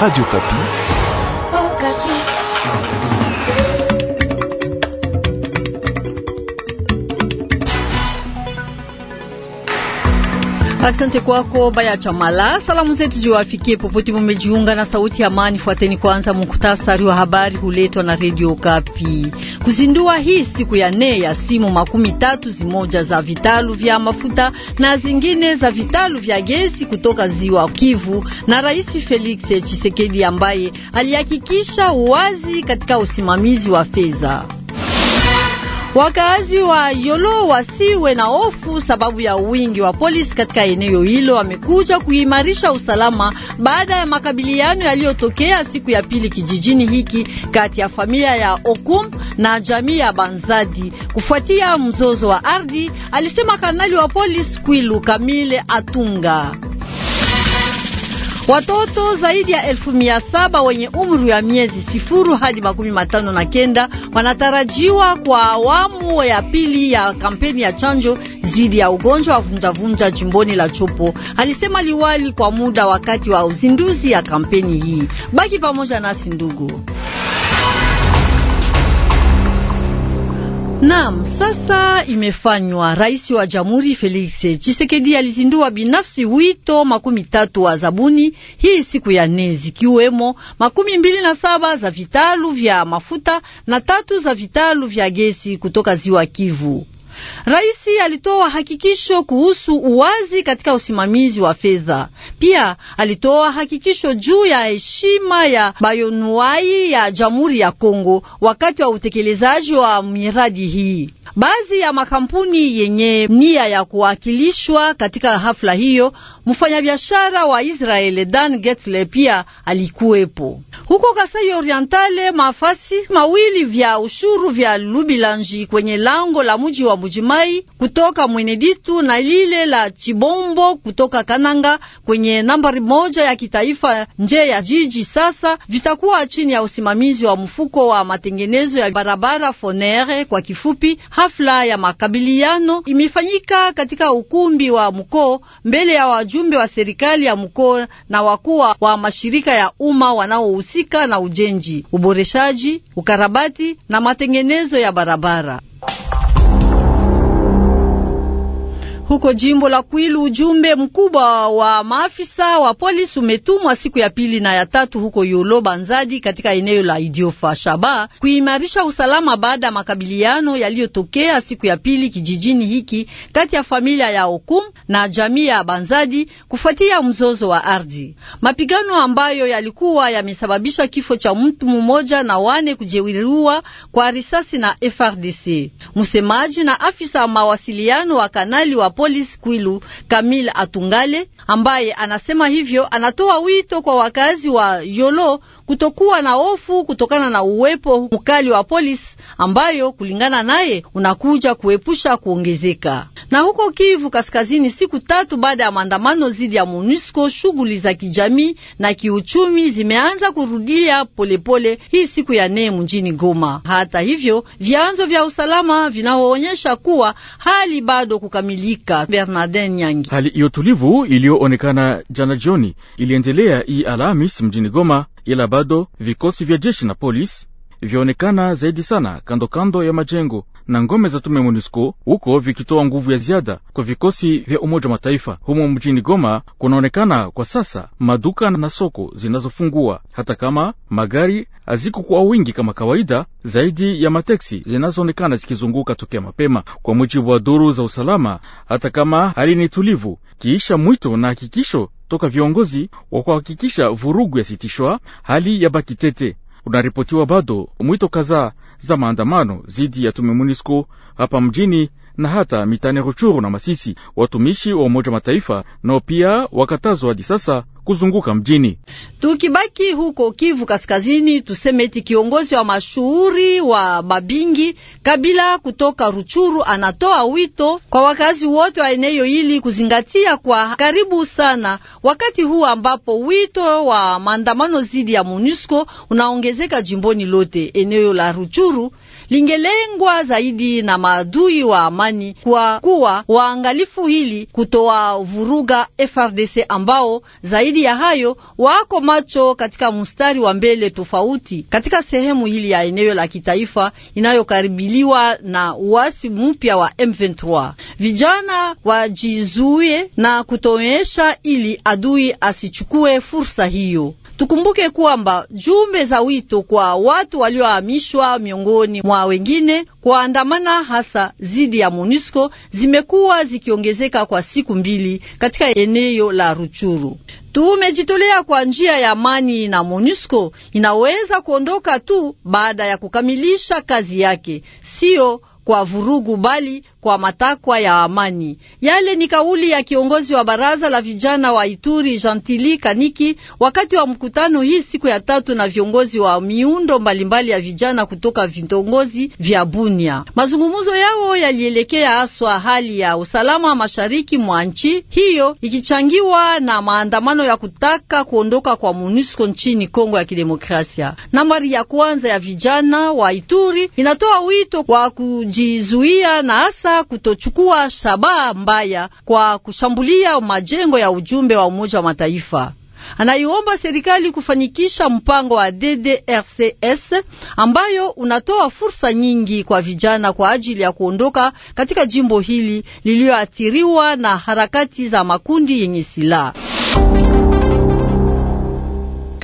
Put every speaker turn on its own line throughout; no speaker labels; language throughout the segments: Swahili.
Radio Kapi. Oh, Asante kwako Baya Chamala. Salamu zetu ziwafikie popote mumejiunga na Sauti ya Amani. Fuateni kwanza muktasari wa habari huletwa na Redio Kapi. Kuzindua hii siku ya nne ya simu makumi tatu zimoja za vitalu vya mafuta na zingine za vitalu vya gesi kutoka ziwa Kivu na Rais Felix Tshisekedi ambaye alihakikisha uwazi katika usimamizi wa fedha. Wakaazi wa Yolo wasiwe na hofu sababu ya wingi wa polisi katika eneo hilo. Wamekuja kuimarisha usalama baada ya makabiliano yaliyotokea siku ya pili kijijini hiki kati ya familia ya Okum na jamii ya Banzadi kufuatia mzozo wa ardhi, alisema kanali wa polisi Kwilu Kamile Atunga. Watoto zaidi ya elfu mia saba wenye umri wa miezi sifuru hadi makumi matano na kenda wanatarajiwa kwa awamu ya pili ya kampeni ya chanjo dhidi ya ugonjwa wa vunjavunja jimboni la Chopo, alisema liwali kwa muda wakati wa uzinduzi ya kampeni hii. Baki pamoja nasi ndugu Naam, sasa imefanywa. Rais wa Jamhuri Felix Tshisekedi alizindua binafsi wito makumi tatu wa zabuni hii siku ya nne zikiwemo makumi mbili na saba za vitalu vya mafuta na tatu za vitalu vya gesi kutoka Ziwa Kivu. Raisi alitoa hakikisho kuhusu uwazi katika usimamizi wa fedha. Pia alitoa hakikisho juu ya heshima ya bayonuai ya Jamhuri ya Kongo wakati wa utekelezaji wa miradi hii. Baadhi ya makampuni yenye nia ya kuwakilishwa katika hafla hiyo, mfanyabiashara wa Israeli Dan Getle pia alikuwepo. Huko Kasai Orientale, mafasi mawili vya ushuru vya Lubilanji kwenye lango la mji wa Bujimai kutoka Mweneditu na lile la Chibombo kutoka Kananga kwenye nambari moja ya kitaifa nje ya jiji, sasa vitakuwa chini ya usimamizi wa mfuko wa matengenezo ya barabara Fonere kwa kifupi. Hafla ya makabiliano imefanyika katika ukumbi wa mkoo mbele ya wajumbe wa serikali ya mkoo na wakuu wa mashirika ya umma wanaohusika na ujenzi, uboreshaji, ukarabati na matengenezo ya barabara. Huko jimbo la Kwilu, ujumbe mkubwa wa maafisa wa polisi umetumwa siku ya pili na ya tatu huko Yolo Banzadi katika eneo la Idiofa Shaba kuimarisha usalama baada ya makabiliano yaliyotokea siku ya pili kijijini hiki kati ya familia ya Okum na jamii ya Banzadi kufuatia mzozo wa ardhi. Mapigano ambayo yalikuwa yamesababisha kifo cha mtu mmoja na wane kujeruhiwa kwa risasi na FRDC. Msemaji na afisa mawasiliano wa kanali wa polisi Kwilu Kamil Atungale, ambaye anasema hivyo, anatoa wito kwa wakazi wa Yolo kutokuwa na hofu kutokana na uwepo mkali wa polisi ambayo kulingana naye unakuja kuepusha kuongezeka. Na huko Kivu Kaskazini, siku tatu baada ya maandamano zidi ya MONUSCO, shughuli za kijamii na kiuchumi zimeanza kurudia polepole hii siku ya nne mjini Goma. Hata hivyo, vyanzo vya usalama vinaoonyesha kuwa hali bado kukamilika. Bernardin Nyangi, hali hiyo tulivu iliyoonekana jana jioni iliendelea hii Alhamis mjini Goma, ila bado vikosi vya jeshi na polisi vyaonekana zaidi sana kando kando ya majengo na ngome za tume MONUSCO huko vikitoa nguvu ya ziada kwa vikosi vya Umoja wa Mataifa. Humo mjini Goma kunaonekana kwa sasa maduka na soko zinazofungua, hata kama magari hazikukuwa wingi kama kawaida, zaidi ya mateksi zinazoonekana zikizunguka tokea mapema, kwa mujibu wa duru za usalama, hata kama hali ni tulivu, kiisha mwito na hakikisho toka viongozi wa kuhakikisha vurugu yasitishwa, hali ya bakitete unaripotiwa bado mwito kadhaa za maandamano dhidi ya tume MONUSCO hapa mjini na hata mitani Ruchuru na Masisi. Watumishi wa Umoja Mataifa nao pia wakatazwa hadi sasa kuzunguka mjini. Tukibaki huko Kivu Kaskazini, tuseme eti kiongozi wa mashuhuri wa Babingi Kabila kutoka Ruchuru anatoa wito kwa wakazi wote wa eneo hili kuzingatia kwa karibu sana wakati huu ambapo wito wa maandamano dhidi ya MONUSCO unaongezeka jimboni lote eneo la Ruchuru lingelengwa zaidi na maadui wa amani kwa kuwa waangalifu hili kutoa vuruga FRDC ambao zaidi ya hayo wako macho katika mstari wa mbele tofauti katika sehemu hili ya eneo la kitaifa inayokaribiliwa na uasi mpya wa M23. Vijana wajizuie na kutoonyesha ili adui asichukue fursa hiyo. Tukumbuke kwamba jumbe za wito kwa watu waliohamishwa miongoni mwa wengine kuandamana hasa zidi ya MONUSCO zimekuwa zikiongezeka kwa siku mbili katika eneo la Ruchuru. Tumejitolea kwa njia ya amani na MONUSCO inaweza kuondoka tu baada ya kukamilisha kazi yake, sio kwa vurugu, bali kwa matakwa ya amani. Yale ni kauli ya kiongozi wa baraza la vijana wa Ituri Gentili Kaniki wakati wa mkutano hii siku ya tatu na viongozi wa miundo mbalimbali mbali ya vijana kutoka vitongozi vya Bunia. Mazungumzo yao yalielekea aswa hali ya usalama mashariki mwa nchi hiyo ikichangiwa na maandamano ya kutaka kuondoka kwa MONUSCO nchini Kongo ya Kidemokrasia. Nambari ya kwanza ya vijana wa Ituri inatoa wito wa ku kujizuia na hasa kutochukua shabaha mbaya kwa kushambulia majengo ya ujumbe wa Umoja wa Mataifa. Anaiomba serikali kufanikisha mpango wa DDRCS ambayo unatoa fursa nyingi kwa vijana kwa ajili ya kuondoka katika jimbo hili lililoathiriwa na harakati za makundi yenye silaha.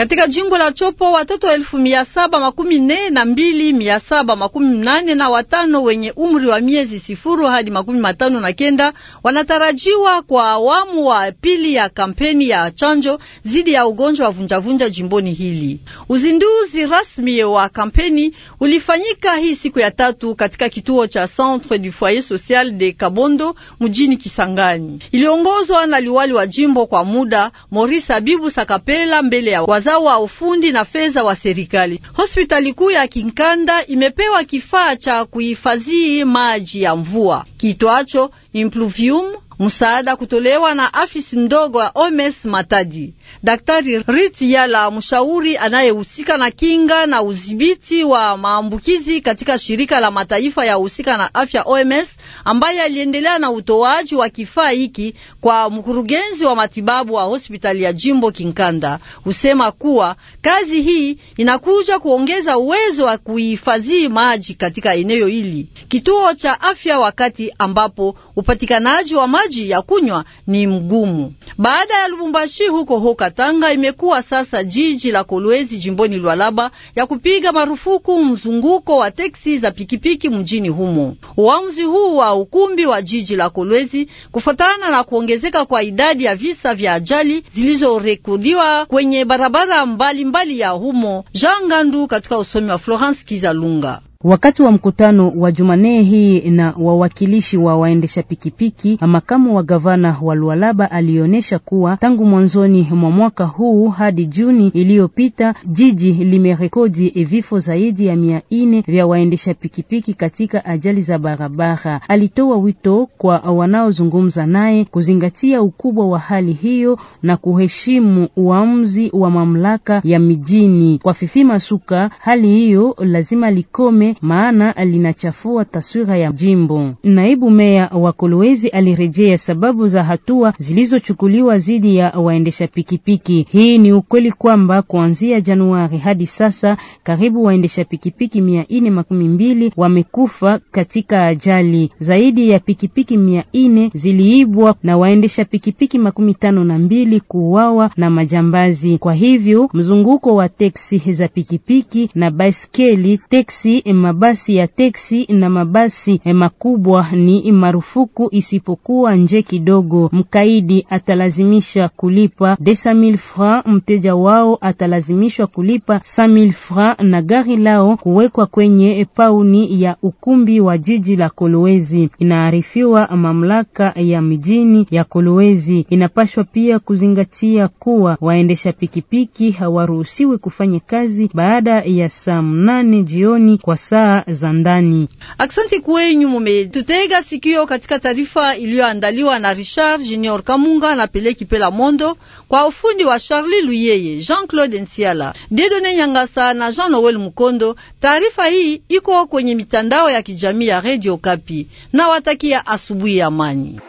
Katika jimbo la Chopo watoto elfu mia saba makumi nne na mbili mia saba makumi nane na watano wenye umri wa miezi sifuru hadi makumi matano na kenda wanatarajiwa kwa awamu wa pili ya kampeni ya chanjo dhidi ya ugonjwa wa vunjavunja jimboni hili. Uzinduzi rasmi wa kampeni ulifanyika hii siku ya tatu katika kituo cha Centre du Foyer Social de Kabondo mjini Kisangani, iliongozwa na liwali wa jimbo kwa muda Maurice Abibu Sakapela mbele ya wazazi fedha wa ufundi na fedha wa serikali. Hospitali kuu ya Kinkanda imepewa kifaa cha kuhifadhi maji ya mvua kitwacho Impluvium msaada kutolewa na afisi ndogo ya oms Matadi. Daktari Rit Yala, mshauri anayehusika na kinga na udhibiti wa maambukizi katika shirika la mataifa ya husika na afya OMS, ambaye aliendelea na utoaji wa kifaa hiki kwa mkurugenzi wa matibabu wa hospitali ya Jimbo Kinkanda, husema kuwa kazi hii inakuja kuongeza uwezo wa kuhifadhi maji katika eneo hili, kituo cha afya, wakati ambapo upatikanaji wa maji maji ya kunywa ni mgumu. Baada ya Lubumbashi huko ho Katanga imekuwa sasa jiji la Kolwezi jimboni Lualaba ya kupiga marufuku mzunguko wa teksi za pikipiki mjini humo. Uamuzi huu wa ukumbi wa jiji la Kolwezi kufuatana na kuongezeka kwa idadi ya visa vya ajali zilizorekodiwa kwenye barabara mbalimbali mbali ya humo. Jean Gandu katika usomi wa Florence Kizalunga.
Wakati wa mkutano wa Jumanne hii na wawakilishi wa waendesha pikipiki, makamu wa gavana wa Lualaba alionyesha kuwa tangu mwanzoni mwa mwaka huu hadi Juni iliyopita jiji limerekodi vifo zaidi ya mia nne vya waendesha pikipiki katika ajali za barabara. Alitoa wito kwa wanaozungumza naye kuzingatia ukubwa wa hali hiyo na kuheshimu uamuzi wa mamlaka ya mijini. Kwa fifima suka hali hiyo lazima likome maana linachafua taswira ya jimbo. Naibu meya wa Kolwezi alirejea sababu za hatua zilizochukuliwa dhidi ya waendesha pikipiki. Hii ni ukweli kwamba kuanzia Januari hadi sasa karibu waendesha pikipiki mia nne makumi mbili wamekufa katika ajali. Zaidi ya pikipiki mia ine ziliibwa na waendesha pikipiki makumi tano na mbili kuuawa na majambazi. Kwa hivyo mzunguko wa teksi za pikipiki na baiskeli teksi mabasi ya teksi na mabasi eh, makubwa ni marufuku isipokuwa nje kidogo. Mkaidi atalazimisha kulipa 200000 francs, mteja wao atalazimishwa kulipa 100000 francs na gari lao kuwekwa kwenye pauni ya ukumbi wa jiji la Kolwezi. Inaarifiwa mamlaka ya mijini ya Kolwezi inapashwa pia kuzingatia kuwa waendesha pikipiki hawaruhusiwi kufanya kazi baada ya saa mnane jioni kwa saa za ndani.
Aksanti kwenyu mumetutega sikio katika taarifa iliyoandaliwa na Richard Junior Kamunga na Pele Kipela Mondo kwa ufundi wa Charlie Luyeye, Jean-Claude Nsiala, Dedone Nyangasa na Jean Noel Mukondo. Taarifa hii iko kwenye mitandao ya kijamii ya Radio Kapi na watakia asubuhi ya amani.